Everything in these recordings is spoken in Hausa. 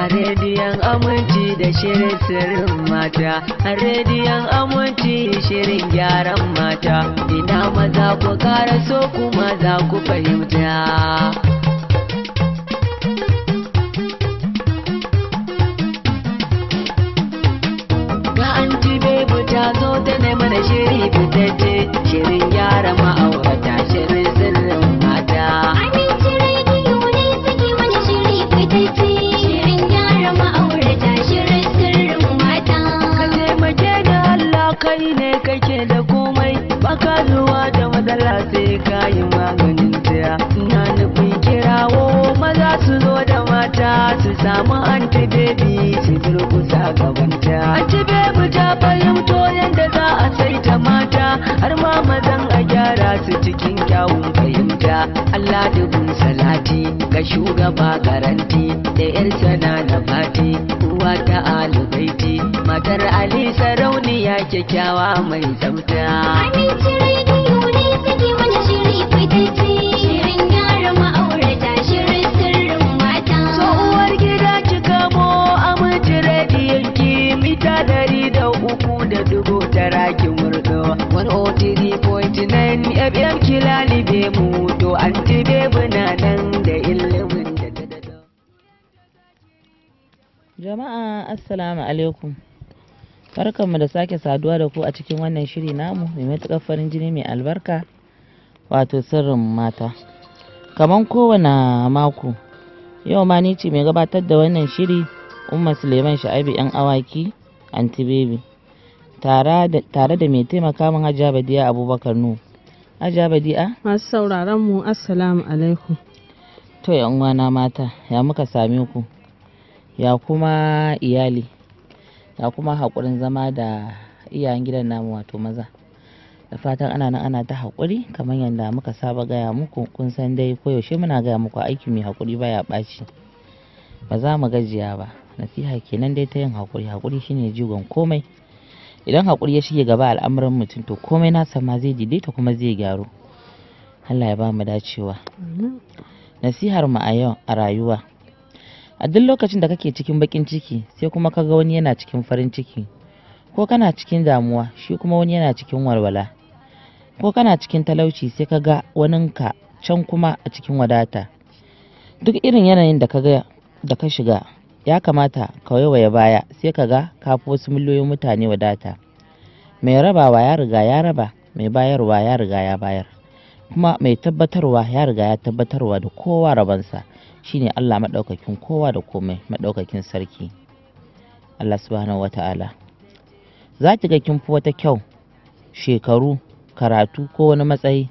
a rediyon aminci da shirin sirrin mata a rediyon aminci shirin gyaran mata ina maza ku kara so kuma za ku fahimta an ta zo ta nema da shiri fitacce shirin gyara ma'a makaluwa da matsala sai kayi maganin tsaya na nufin kirawo maza su zo da mata su samu anti baby su durkusa gabanta anti baby ta fahimto yadda za a saita mata har ma mazan a gyara su cikin kyawun yarda Allah salati ga shugaba karanti da yar sana na fati uwa ta alubaiti matar Ali sarauniya kyakkyawa mai tsafta Aminci rediyo ne suke mana shiri fititi shirin yara ma'aurata shirin sirrin mata so uwar gida kika mo aminci mita dari da uku da dubu tara ki murdo 103.5 bebem ki mu to na nan da ilimin da jama'a assalamu alaikum barkanmu da sake saduwa da ku a cikin wannan shiri namu mai matuƙar farin jini mai albarka wato sirrin mata kaman kowane mako yau ma ni ce mai gabatar da wannan shiri umma suleiman sha'abi yan awaki anti baby tare da mai taimaka min hajiya badiya abubakar nuhu Aja Badi'a. Masu sauraron mu Assalamu alaikum. To uwana mata, ya muka same ku? Ya kuma iyali? Ya kuma haƙurin zama da iyayen gidan namu wato maza? Da fatan ana nan ana ta haƙuri kamar yadda muka saba gaya muku kun san dai koyaushe muna gaya muku aiki mai haƙuri baya ɓaci. Ba za mu gajiya ba. Nasiha kenan dai ta yin haƙuri, haƙuri shine jigon komai. idan haƙuri ya shige gaba al'amuran mutum to komai nasa ma zai daidaita kuma zai gyaru Allah ya ba mu dacewa nasihar mu a yau a rayuwa a duk lokacin da kake cikin bakin ciki sai kuma kaga wani yana cikin farin ciki ko kana cikin damuwa shi kuma wani yana cikin walwala ko kana cikin talauci sai ka ga waninka can kuma a cikin wadata duk irin yanayin da ka shiga ya kamata ka waiwaye baya sai ka ga kafo wasu miliyoyin mutane wadata mai rabawa ya riga ya raba mai bayarwa ya riga ya bayar kuma mai tabbatarwa ya riga ya tabbatarwa da kowa rabansa shine Allah maɗaukakin kowa da komai maɗaukakin sarki Allah subhanahu wata'ala za ki ga kin fi wata kyau shekaru karatu ko wani matsayi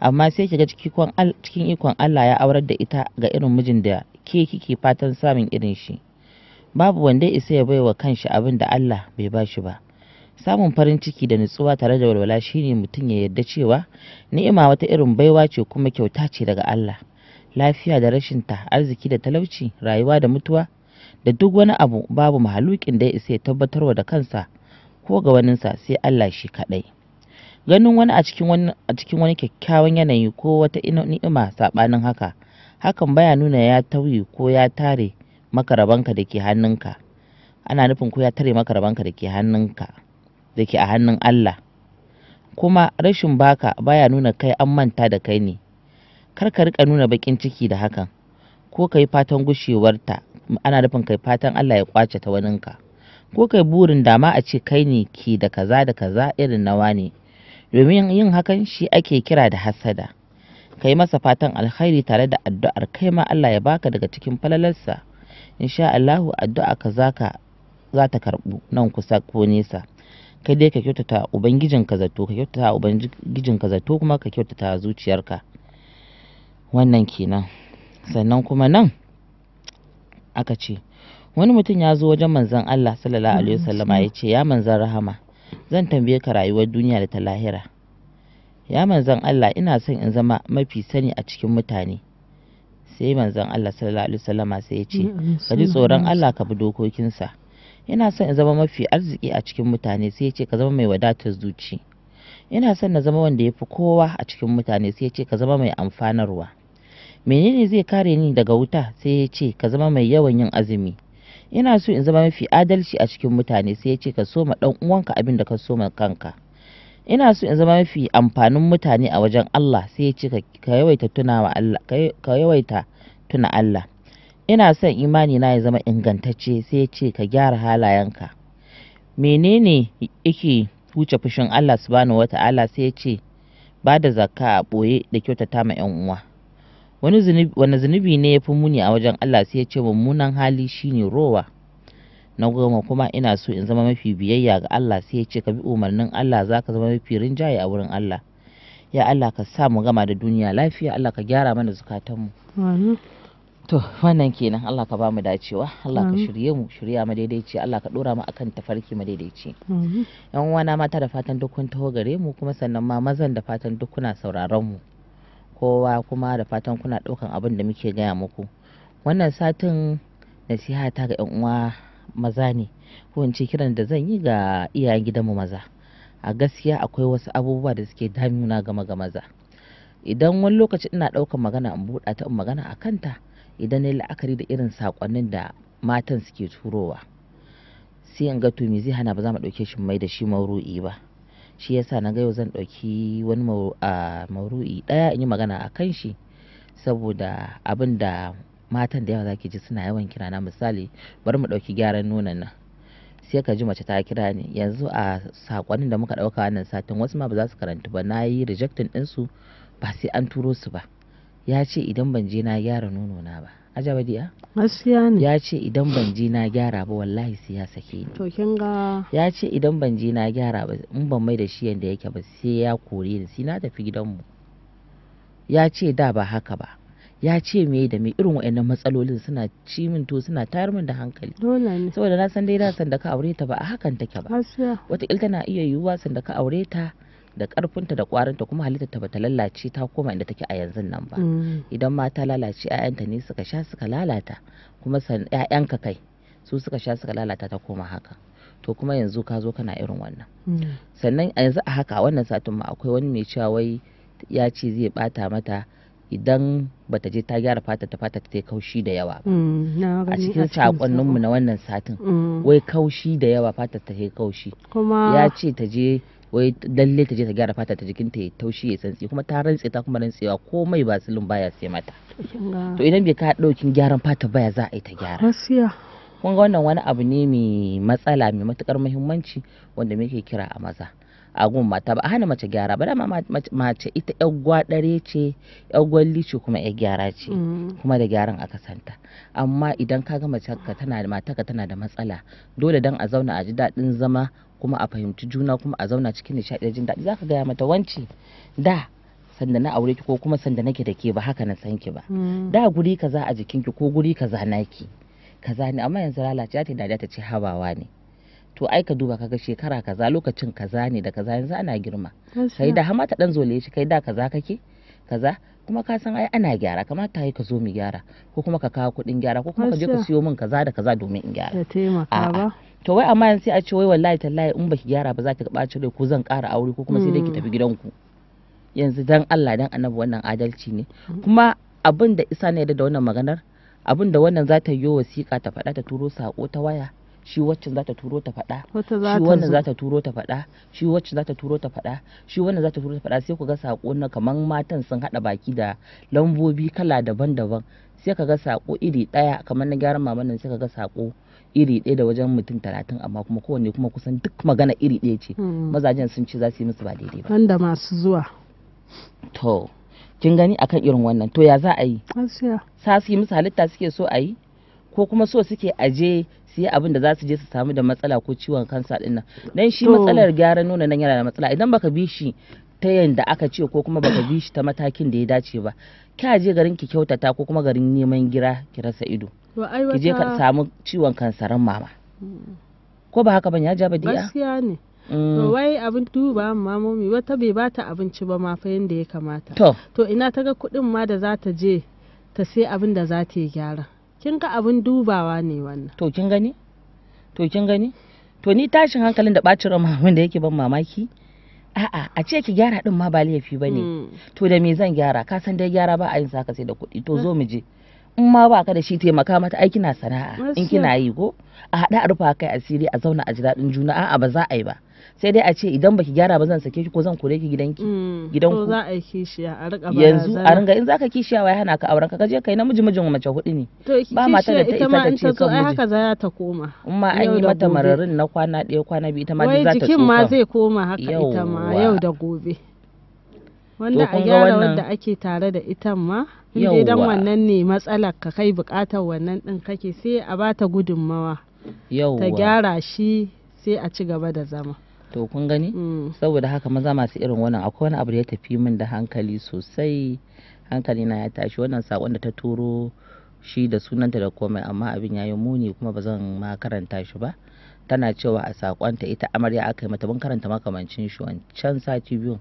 amma sai ki ga cikin ikon Allah ya aurar da ita ga irin mijin da ke kike fatan samun irin shi babu wanda isa ya baiwa kanshi abin da Allah bai ba shi ba samun farin ciki da nutsuwa tare da walwala shine mutum ya yarda cewa ni'ima wata irin baiwa ce kuma kyauta ce daga Allah lafiya da rashinta arziki da talauci rayuwa da mutuwa da duk wani abu babu mahalukin da ya isa ya tabbatarwa da kansa ko ga waninsa sai Allah shi kaɗai ganin wani a cikin wani a cikin wani kyakkyawan yanayi ko wata ni'ima saɓanin haka hakan baya nuna ya tauye ko ya tare maka da ke hannunka ana nufin ko ya tare maka rabanka da ke hannunka da ke a hannun Allah kuma rashin baka baya nuna kai an manta da kai ne kar ka rika nuna bakin ciki da hakan ko kai fatan gushewarta ana nufin kai fatan Allah ya kwace ta waninka ko kai burin dama a ce kai ne ke da kaza da kaza irin nawa ne domin yin hakan shi ake kira da hasada kai masa fatan alkhairi tare da addu'ar kai ma Allah ya baka daga cikin falalarsa insha Allahu addu'a ka zaka za ta karbu nan kusa ko nesa kai dai ka kyautata ubangijin ka zato ka kyautata ubangijin ka zato kuma ka kyautata zuciyarka wannan kenan sannan kuma nan aka ce wani mutum ya zo wajen manzon Allah sallallahu alaihi wasallama ya ce ya manzon rahama zan tambaye ka rayuwar duniya da ta lahira ya manzon Allah ina son in zama mafi sani a cikin mutane sai manzon Allah sallallahu alaihi wasallama sai ya ce ka ji tsoron Allah ka bi dokokinsa ina son in zama mafi arziki a cikin mutane sai ya ce ka zama mai wadatar zuci ina son na zama wanda ya fi kowa a cikin mutane sai ya ce ka zama mai amfanarwa menene zai kare ni daga wuta sai ya ce ka zama mai yawan yin azumi ina so in zama mafi adalci a cikin mutane sai ya ce ka soma dan uwanka abin da ka soma kanka ina so in zama mafi amfanin mutane a wajen Allah sai ya ce ka yawaita tuna Allah ina son imani na ya zama ingantacce sai ya ce ka gyara halayenka menene yake huce fushin Allah subhanahu wata'ala sai ya ce ba da zakka a boye da kyautata ma 'yan uwa wani zunubi ne ya fi muni a wajen Allah sai ya ce mummunan hali shine rowa na goma kuma ina so in zama mafi biyayya ga Allah sai ya ce ka bi umarnin Allah za ka zama mafi rinjaye a wurin Allah ya Allah ka sa mu gama da duniya lafiya Allah ka gyara mana zukatanmu to wannan kenan Allah ka ba dacewa Allah ka shirye mu shirya mu daidaici Allah ka dora mu akan tafarki mu daidaici yan uwana mata da fatan duk kun taho gare mu kuma sannan ma mazan da fatan duk kuna sauraron mu kowa kuma da fatan kuna daukan abin da muke gaya muku wannan satin nasiha ta ga yan uwa maza ne ko in ce kiran da zan yi ga iyayen mu maza a gaskiya akwai wasu abubuwa da suke damuna game ga maza idan wani lokaci ina ɗaukar magana in buɗa ta in magana a kanta idan na la'akari da irin saƙonnin da matan suke turowa sai in ga to me zai hana ba za mu ɗauke shi mai da shi maru'i ba shi yasa na ga yau zan ɗauki wani ah, mauru'i ɗaya in yi magana a kan shi saboda abin da matan da yawa zaki ji suna yawan kira na misali bari mu ɗauki gyaran nonon nan sai ka ji mace ta kira ni yanzu a sakonni da muka ɗauka wannan satin wasu ma ba za su karanta ba na yi rejectin ɗinsu ba sai an turo su ba ya ce idan ban je na gyara nono na ba ajaba diya gaskiya ne ya ce idan ban je na gyara ba wallahi sai ya sake ni to kin ga ya ce idan ban je na gyara ba in ban mai da shi yanda yake ba sai ya kore ni sai na tafi mu ya ce da ba haka ba ya ce me da me irin wa'annan matsalolin suna ci min to suna tayar min da hankali saboda na san dai da sanda ka aure ta ba a hakan take ba wataƙila tana iya yiwuwa sanda ka aure ta da karfinta da kwarinta kuma ta bata lalace ta koma inda take a yanzu nan ba mm. idan mata lalace 'ya'yanta ne suka sha suka lalata kuma ƴaƴanka kai su suka sha suka lalata ta koma haka to kuma yanzu ka zo kana irin wannan mm. sannan a yanzu a haka wannan satin ma akwai wani mai cewa wai ya ce zai bata mata idan bata je ta gyara fata ta fata ta kaushi da yawa mm, a cikin mu na wannan satin mm. wai kaushi da yawa fata ta kaushi ya ce ta je wai lalle ta je ta gyara fata ta jikin ta taushi ya santsi kuma ta rantse ta kuma rantsewa komai ba silin baya sai mata to idan bai ka daukin gyaran fata baya za a yi ta gyara kun wannan wani abu ne mai matsala mai matukar muhimmanci wanda muke kira a maza a mata ba a hana mace gyara ba dama mace ita yar gwadare ce yar gwalli ce kuma yar gyara ce mm. kuma da gyaran aka santa amma idan ka ga mace ka tana da mata ka tana da matsala dole dan a zauna a ji daɗin zama kuma a fahimci juna kuma a zauna cikin nishaɗi da jin daɗi zaka gaya mata wanci da sanda na aure ki ko kuma sanda nake da ke ba haka na san ki ba mm. da guri kaza a jikinki ko guri kaza naki kaza ne amma yanzu lalace ta da ta ce habawa ne to ai ka duba kaga shekara kaza lokacin kaza ne da kaza yanzu ana girma kai da hamata dan zole shi kai da kaza kake kaza kuma ka san ai ana gyara kamata yi ka zo mu gyara ko kuma ka kawo kuɗin gyara ko kuma ka je ka siyo min kaza da kaza domin in gyara to wai amma yanzu sai a ce wai wallahi tallahi in baki gyara ba za ki ɓaci rai ko zan kara aure ko kuma sai dai ki hmm. tafi gidanku yanzu dan Allah dan annabi wannan adalci ne hmm. kuma abin da isa ne da wannan maganar abin da wannan za ta yi wasiƙa ta faɗa ta turo saƙo ta waya shi waccan za ta turo ta faɗa shi wannan za ta turo ta faɗa shi waccan za ta turo ta faɗa shi wannan za ta turo ta faɗa sai ku ga sako na kaman matan sun haɗa baki da lambobi kala daban-daban sai ka ga sako iri ɗaya kamar na gyaran mama nan sai ka ga sako iri ɗaya da wajen mutum talatin amma kuma kowanne kuma kusan duk magana iri ɗaya ce hmm. mazajen sun ce za su yi musu ba daidai ba wanda masu zuwa to kin gani akan irin wannan to ya za a yi sa su yi musu halitta suke so a yi ko kuma so suke aje su yi abin da za su je su samu da matsala ko ciwon kansa din nan dan shi matsalar gyaran nuna nan yana da matsala idan baka bi shi ta yanda aka ce ko kuma baka bi shi ta matakin da ya dace ba kya je garin ki kyautata ko kuma garin neman gira ki rasa ido ki je ka samu ciwon kansaran mama ko ba haka ban ya jaba diya gaskiya ne mm. to wai abin duba mamomi wata bai bata abinci ba ma fa yanda ya kamata to ina ta ga kuɗin ma da za ta je ta sai abin da za ta yi gyara kin ga abin dubawa ne wannan to kin gani to kin gani to ni tashin hankalin da bacin ramamin da yake ban mamaki a'a a ce ki gyara din ma ba laifi ba ne hmm. to da me zan gyara ka san dai gyara ba a yin saka sai da kuɗi to hmm. zo mu je in ma ba ka da shi taimaka mata ai kina sana'a in kina yi ko a haɗa a rufa kai asiri a zauna a ji daɗin juna a'a ba za a yi ba sai dai a ce idan baki gyara ba zan sake shi ko zan kore ki gidanki mm. gidan ku za a yi kishiya a rika ba yanzu a ringa in zaka kishiya wai hana ka auren ka kaje kai namiji mijin mace hudu ne ba mata da ta isa ta ce kan miji haka za ta koma in ma an yi mata mararin na kwana ɗaya kwana biyu ita ma za ta tsufa jikin ma zai koma haka ita ma yau da gobe wanda a gyara wanda ake tare da ita ma in dan wannan ne matsalar ka kai bukatar wannan din kake sai a bata gudunmawa ta gyara shi sai a ci gaba da zama to kun gani mm. saboda haka maza masu irin wannan akwai wani abu da ya tafi min da hankali sosai hankali na ya tashi wannan sakon da ta turo shi da sunanta da komai amma abin yayi muni kuma ba zan ma karanta shi ba tana cewa a sakonta ita amarya aka yi mata mun karanta makamancin shi wancan sati biyu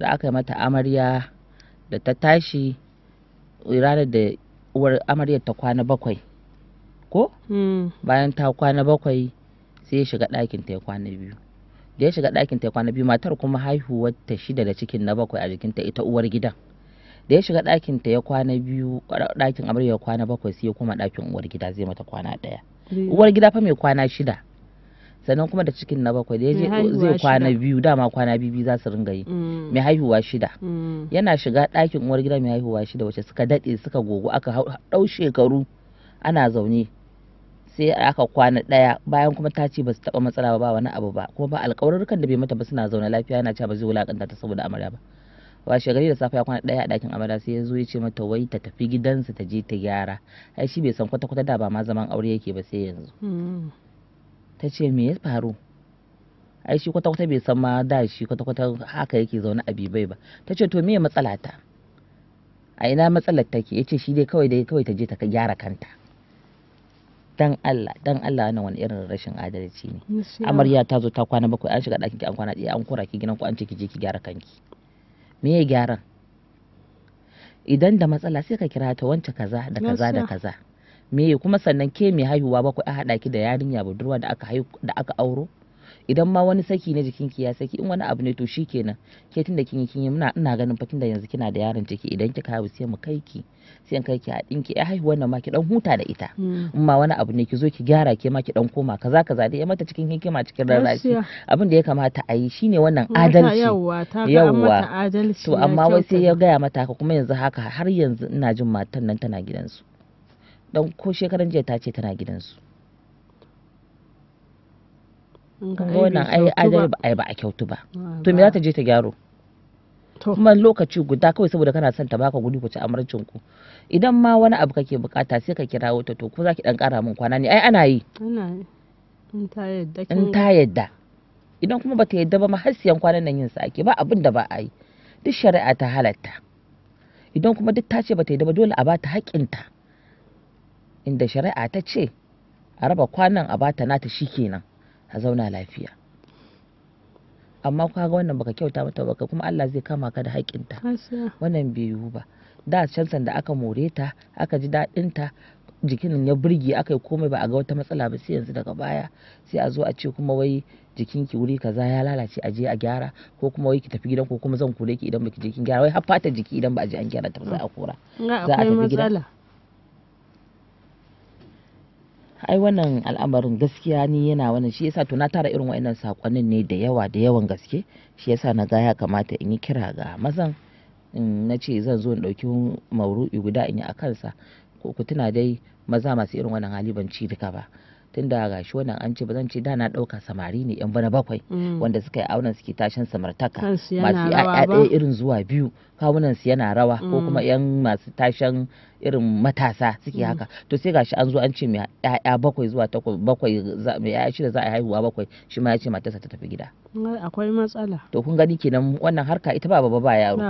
da aka yi mata amarya da ta tashi ranar da uwar amaryar ta kwana bakwai ko mm. bayan ta kwana bakwai sai ya shiga ɗakin ta ya kwana biyu da ya shiga ɗakin ta kwana biyu matar kuma haihuwar ta shida da cikin na bakwai a jikin ta ita uwar gidan da ya shiga ɗakin ta ya kwana biyu ɗakin amarya ya kwana bakwai sai ya koma ɗakin uwar gida zai mata kwana ɗaya uwar gida fa mai kwana shida sannan kuma da cikin na bakwai da ya je zai kwana biyu dama kwana biyu biyu za su ringa yi mm. mai haihuwa shida mm. yana shiga ɗakin uwar gida mai haihuwa shida wacce suka daɗe suka gogo aka ɗau shekaru ana zaune sai aka kwana ɗaya bayan kuma ta ce ba su taɓa matsala ba wani abu ba kuma ba alƙawarurrukan da bai mata ba suna zaune lafiya yana cewa ba zai wulakanta ta saboda amarya ba washe gari da safe ya kwana ɗaya a ɗakin amarya sai ya zo ya ce mata wai ta tafi gidansa ta je ta gyara ai shi bai san kwata-kwata da ba ma zaman aure yake ba sai yanzu hmm. ta ce me ya faru ai shi kwata-kwata bai san ma da shi kwata-kwata haka yake zaune a bibai ba ta ce to me matsala ta a ina matsalar take ya ce shi dai kawai dai kawai ta je ta gyara kanta dan Allah dan Allah wannan wani irin rashin adalci ne amarya ta zo ta kwana bakwai an shiga ɗakin ki an kwana ɗaya an kora ki gidan ku an ce ki je ki gyara kanki me ya gyaran idan da matsala sai ka kira ta wance kaza da kaza da kaza me kuma sannan ke mai haihuwa bakwai a haɗa ki da yarinya budurwa da aka da aka auro idan ma wani saki na jikinki ya saki in wani abu ne to shi kenan ke tunda kin yi kin yi muna ina ganin fatin da yanzu kina da yaron ciki idan kika haihu sai mu kai ki sai an kai ki a dinki ai eh, haihuwa wannan ma ki dan huta da ita hmm. in ma wani abu ne ki zo ki gyara ke ma ki dan koma kaza kaza dai mata cikin hikima cikin rarrashi abin da ya kamata a yi shine wannan adalci yawwa to amma wai sai ya gaya mata haka kuma yanzu haka har yanzu ina jin matan nan tana gidansu dan ko shekaran jiya ta ce tana gidansu wannan ai adai ba ai ba a kyautu ba ah, to me za ta je ta gyaro kuma lokaci guda kawai saboda kana son ta baka gudu ku ci amarcin ku idan ma wani abu kake bukata sai ka kira wata to ko zaki dan kara min kwana ne ai ana yi in ta yadda in ta yadda idan kuma bata yadda ba ma har siyan kwanan nan yin sake ba abin da ba a yi duk shari'a ta halatta idan kuma duk ta ce bata yadda ba dole a bata haƙƙinta inda shari'a ta ce a raba kwanan a bata nata shikenan a zauna lafiya amma ka ga wannan baka kyauta mata baka kuma Allah zai kama ka da haƙƙinta wannan bai yiwu ba da can da aka more ta aka ji daɗinta jikin ya burge aka yi komai ba a ga wata matsala ba sai yanzu daga baya sai a zo a ce kuma wai jikin ki wuri kaza ya lalace a je a gyara ko kuma wai ki tafi gidan ko kuma zan kore ki idan baki je kin gyara wai har fata jiki idan ba a je an gyara ta za a kora za a tafi gidan. ai wannan al'amarin gaskiya ni yana wannan shi yasa to na tara irin wa'annan sakonnin ne da yawa da yawan gaske shi yasa na ga ya kamata in yi kira ga mazan na ce zan zo in ɗauki mauru'i guda in yi a kansa ko ku tuna dai maza masu irin wannan hali ban ci duka ba tunda shi wannan an ce ba zan ce da na ɗauka samari ne yan bana bakwai mm. wanda suka yi auren suke tashin samartaka masu ya'ya ɗaya irin zuwa biyu kawunan su yana rawa ko mm. kuma yan masu tashin irin matasa suke mm. haka to sai gashi an zo an ce mai ya'ya bakwai zuwa bakwai mai ya'ya shida za a haihuwa bakwai shi ma ya ce matarsa ta tafi gida akwai matsala to kun gani kenan wannan harka ita ba babba ba yaro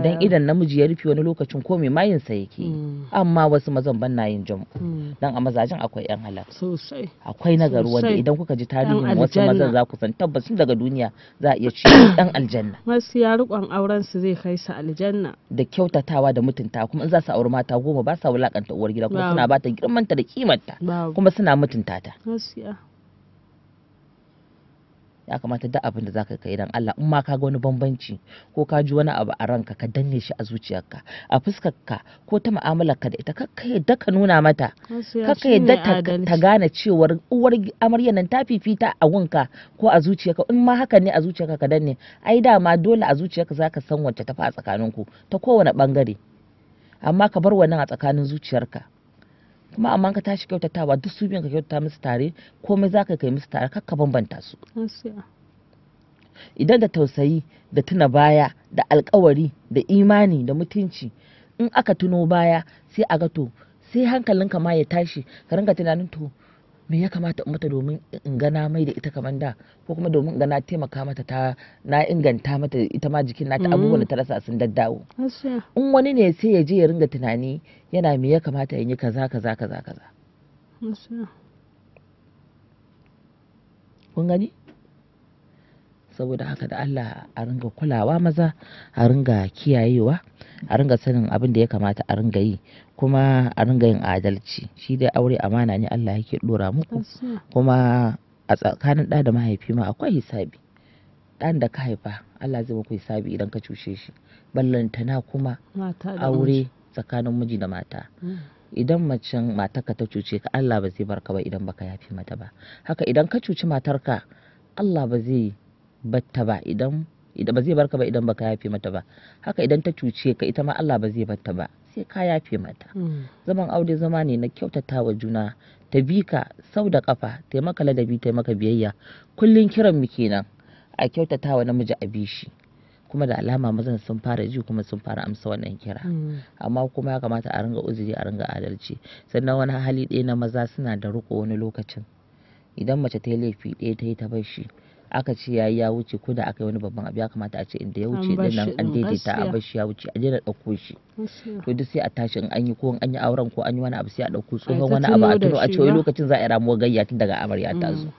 idan idan namiji ya rufe wani lokacin ko mai mayin sa yake mm. amma wasu mazan ban na yin jamu mm. dan a mazajen akwai yan halal sosai akwai nagaru wanda idan kuka ji tarihin wasu mazan za ku san tabbas daga duniya za a iya ci dan aljanna ya rikon auren su zai kai su aljanna da kyautatawa da mutunta kuma in za su auri mata goma ba sa wulakanta uwar gida kuma suna bata girmanta da kimanta kuma suna mutunta ta ya kamata duk abin da za ka kai dan Allah in ma ka ga wani bambanci ko ka ji wani abu a ranka ka danne shi a zuciyarka a fuskarka ko ta mu'amalarka da ita kakka yadda ka nuna mata kakka yadda ta gane cewar uwar amarya nan ta fifita a wanka ko a zuciyarka in ma haka ne a zuciyarka ka danne ai dama dole a zuciyarka zaka san wacce ta fa a tsakaninku ta kowane bangare amma ka bar wannan a tsakanin zuciyarka kuma amma ka tashi kyautatawa duk su biyan ka kyautata musu tare komai za ka kai musu tare kar ka bambanta su idan da tausayi da tuna baya da alkawari da imani da mutunci in aka tuno baya sai a gato sai hankalinka ma ya tashi ka ringa tunanin to me ya kamata in mata domin in gana mai da ita kamar da ko kuma domin gana taimaka mata ta na inganta mata ita ma jikin nata mm. abubuwan da ta rasa sun daddawo in wani ne sai ya je ya ringa tunani yana me ya kamata in yi kaza kaza kaza kaza kun gani saboda haka da Allah a ringa kulawa maza a ringa kiyayewa a ringa sanin abin da ya kamata a ringa yi kuma a ringa yin adalci shi dai aure amana ne Allah yake dora muku kuma a tsakanin ɗa da mahaifi ma akwai hisabi ɗan da ka haifa Allah zai muku hisabi idan ka cuce shi ballantana kuma aure tsakanin miji da mata hmm. idan macen matarka ta cuce ka Allah ba zai barka ba idan baka yafi mata ba haka idan ka cuci matarka Allah ba zai batta ba idan ba zai barka ba idan baka yafi mata ba haka idan ta cuce ka ita ma Allah ba zai batta ba sai ka yafe mata mm. zaman aure zama ne na kyautata wa juna ta bika sau da kafa taimaka ladabi taimaka biyayya kullum kiran mu kenan a kyautata wa namiji a bishi kuma da alama mazan sun fara ji kuma sun fara amsa wannan kira mm. amma kuma ya kamata a ringa uzuri a ringa adalci sannan wani hali ɗaya na maza suna da riko wani lokacin idan mace ta yi laifi ɗaya ta yi ta bar shi aka ce ya ya wuce ko da aka yi wani babban abu ya kamata a ce inda ya wuce din nan an mm, daidaita a bar shi ya wuce a daina ɗauko shi to duk sai a tashi in an yi ko an yi auren ko an yi wani abu sai a ɗauko tsohon wani abu a tuno a ce lokacin za a yi ramuwar gayya tun daga amarya ta zo mm.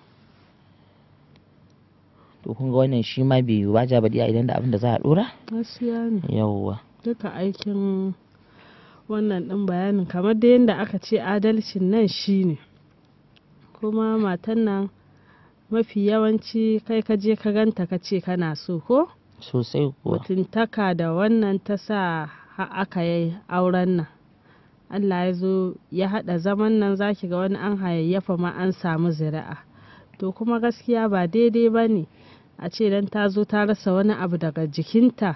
to kun ga wannan shi ma bai yiwu ba ja bari idan da abin da za a dora gaskiya ne yawwa duka aikin wannan din bayanin kamar da yadda aka ce adalcin nan shine kuma matan nan mafi yawanci kai ka je ka ganta ka ce kana so ko sosai kuwa mutuntaka da wannan ta sa aka yi auren nan Allah ya zo ya haɗa zaman nan zaki ga wani an hayayyafa ma an samu zira'a to kuma gaskiya ba daidai ba ne a ce dan ta zo ta rasa wani abu daga jikinta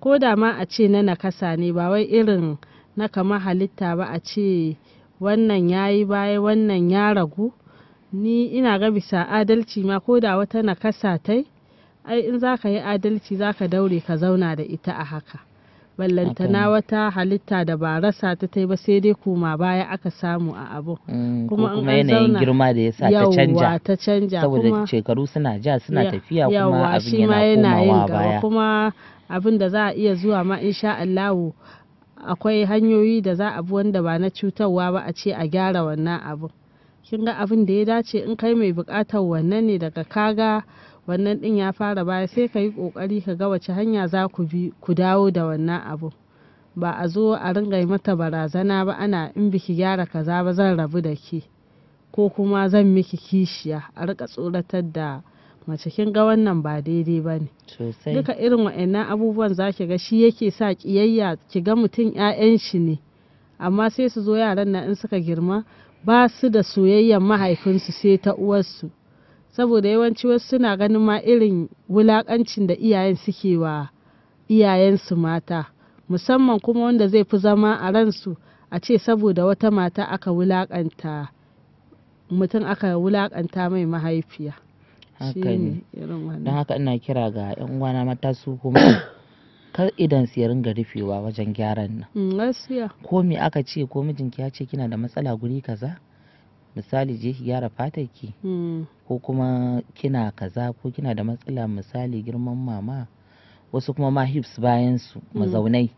ko da ma a ce na nakasa ne ba wai irin na kama halitta ba a ce wannan ya yi baya wannan ya ragu ni ina ga bisa adalci ma ko da wata nakasa tai ai in za ka yi adalci za ka daure ka zauna da ita a haka ballantana wata halitta da ba rasa ta ta ba sai dai kuma baya aka samu a abu mm, kuma kuma yanayin girma da sa ta canja ta canja saboda shekaru suna ja suna tafiya kuma abin yana komawa baya kuma abin da za a iya zuwa ma insha Allah akwai hanyoyi da za a bi wanda ba na cutarwa ba a ce a gyara wannan abin kin ga abin da ya dace in kai mai bukatar wannan ne daga kaga wannan din ya fara baya sai ka yi ƙoƙari ka ga wace hanya za ku bi ku dawo da wannan abu ba a zo a ringa mata barazana ba ana in biki gyara kaza ba zan rabu da ke ko kuma zan miki kishiya a rika tsoratar da mace kin ga wannan ba daidai ba ne duka irin wa'annan abubuwan za ki ga shi yake sa kiyayya ki ga mutum 'ya'yan shi ne amma sai su zo yaran na in suka girma ba su da soyayyar mahaifinsu sai ta uwarsu saboda yawanci wasu suna ganin ma irin wulakancin da iyayen suke wa iyayensu mata musamman kuma wanda zai fi zama a ransu a ce saboda wata mata aka wulakanta mutum aka wulakanta mai mahaifiya shi ne don haka ina kira ga 'yan uwana mata su kuma kar idan su ya ringa rufewa wajen gyaran nan mm, gaskiya ko me aka ce ko mijinki ya ce kina da matsala guri kaza misali je ki gyara fatar ki mm. ko kuma kina kaza ko kina da matsala misali girman mama wasu kuma ma hips bayan su mm. mazaunai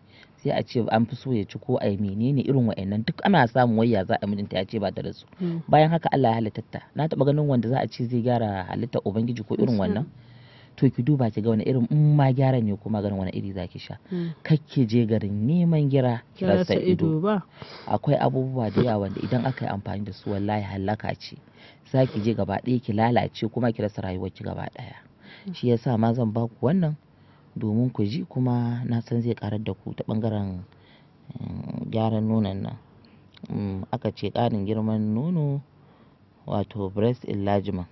sai a ce an fi so ya ci ko ai menene irin wa'annan duk ana samun wayya za a mijinta ya ce ba da su bayan haka Allah ya halitta na taba ganin wanda za a ce zai gyara halitta ubangiji ko irin wannan to ki duba ki ga wani irin in ma gyara ne kuma ganin wani iri zaki sha hmm. kake je garin neman gira ki rasa ido akwai abubuwa da yawa wanda idan aka yi amfani da su wallahi halaka ce zaki je gaba ɗaya ki lalace kuma ki rasa rayuwar ki gaba ɗaya hmm. shi yasa ma zan ba ku wannan domin ku ji kuma na san zai karar da ku ta bangaren eh, gyaran nonon nan hmm, aka ce ƙarin girman nono wato breast enlargement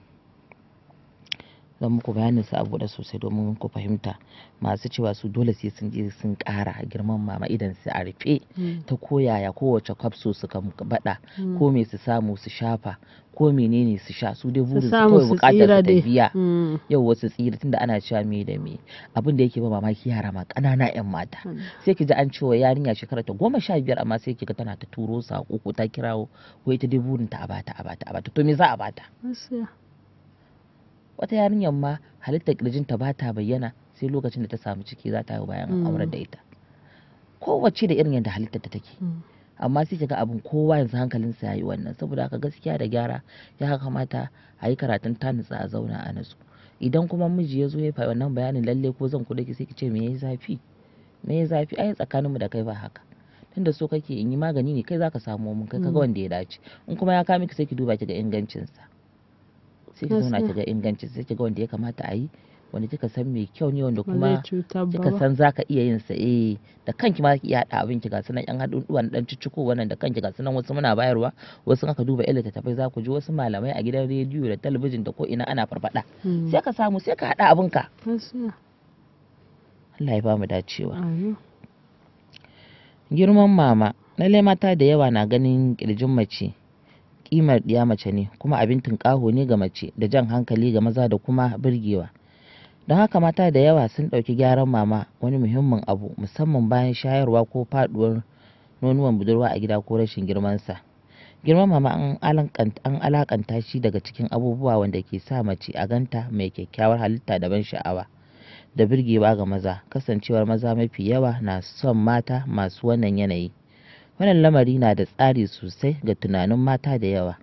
zan muku bayanin su a buɗe sosai domin ku fahimta masu cewa su dole sai sun je sun ƙara girman mama idan su a rufe hmm. ta koyaya kowace kwafso su kan bada hmm. ko me su samu su shafa ko menene su sha su dai burin su kawai bukatar su tafiya yau wasu tsira tunda ana cewa me da me abin da yake ba mamaki yara ma ƙanana yan mata hmm. sai ki ji an cewa yarinya shekara ta goma sha biyar amma sai ki ga tana ta turo sako ko ta kirawo ko ita dai burin ta a bata a to me za a bata wata yarinyar ma halittar kirjinta ba ta bayyana sai lokacin da ta samu ciki za ta yi bayan aurar da mm. ita kowace da irin yadda halittar ta take mm. amma sai kiga abin kowa yanzu hankalinsa yayi wannan saboda haka gaskiya da gyara ya kamata a yi karatun ta a zauna a natsu idan kuma miji ya zo ya fahimta wannan bayanin lalle ko zan kuɗa ki sai ki ce me yayi zafi me yayi zafi ai tsakaninmu da kai ba haka tunda so kake in yi magani ne kai zaka samo mun kai kaga mm. wanda ya dace in kuma ya kame ki sai ki duba ki ga ingancinsa sai ki zauna kaga ga inganci sai ki ga wanda ya kamata a yi wanda kika san mai kyau ne wanda kuma kika san zaka iya yin sa eh da kanki ma ki hada abin ki ga sunan yan hadu duwan dan cicciko wannan da kanki ga sunan wasu muna bayarwa wasu aka duba ta tafai za ku ji wasu malamai a gidan rediyo da talabijin da ko ina ana farfada hmm. sai ka samu sai ka hada abin ka Allah ya ba mu dacewa girman mama na lema mata da yawa na ganin kirjin mace ƙimar ɗiya mace ne kuma abin tunƙaho ne ga mace da jan hankali ga maza da kuma birgewa don haka mata da yawa sun ɗauki gyaran mama wani muhimmin abu musamman bayan shayarwa ko faɗuwar nonuwan budurwa a gida ko rashin girmansa girman mama an alakanta shi daga cikin abubuwa wanda ke sa mace a ganta mai kyakkyawar halitta da ban sha'awa da birgewa ga maza kasancewar maza mafi yawa na son mata masu wannan yanayi Wannan lamari na da tsari sosai ga tunanin mata da yawa,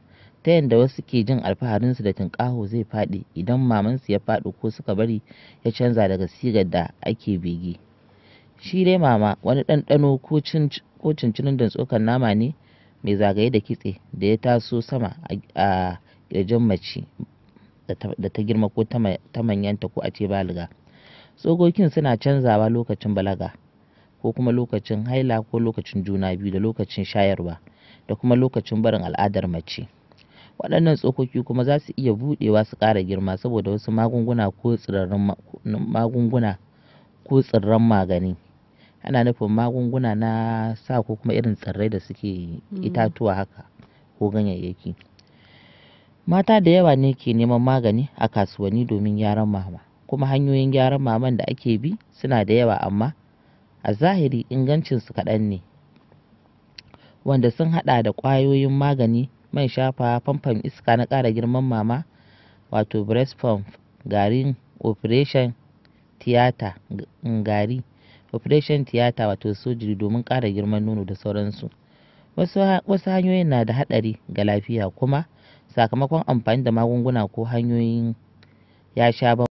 ta yadda wasu ke jin alfaharinsu da tunƙaho zai faɗi idan mamansu ya faɗo ko suka bari ya canza daga sigar da ake bege. Shi dai mama wani ɗanɗano ko da tsokar nama ne mai zagaye da kitse da ya taso sama a ƙirjin mace da ta girma ko ta manyanta ko a ce baliga. Tsogokin suna canzawa lokacin balaga, ko kuma lokacin haila ko lokacin juna biyu da lokacin shayarwa da kuma lokacin barin al'adar mace waɗannan tsokoki kuma za su iya buɗewa su ƙara girma saboda wasu magunguna ko magunguna ko tsirran magani ana nufin magunguna na sa ko kuma irin tsirrai da suke mm. itatuwa haka ko ganyayyaki mata da yawa ne ke neman magani a kasuwanni domin gyaran mama kuma hanyoyin gyaran maman da ake bi suna da yawa amma a zahiri ingancinsu kaɗan ne wanda sun haɗa da ƙwayoyin magani man shafa famfan iska na ƙara girman mama wato breast pump garin operation tiyata gari operation tiyata wato sojiri domin ƙara girman nono da sauransu wasu hanyoyin na da haɗari ga lafiya kuma sakamakon amfani da magunguna ko hanyoyin ya sha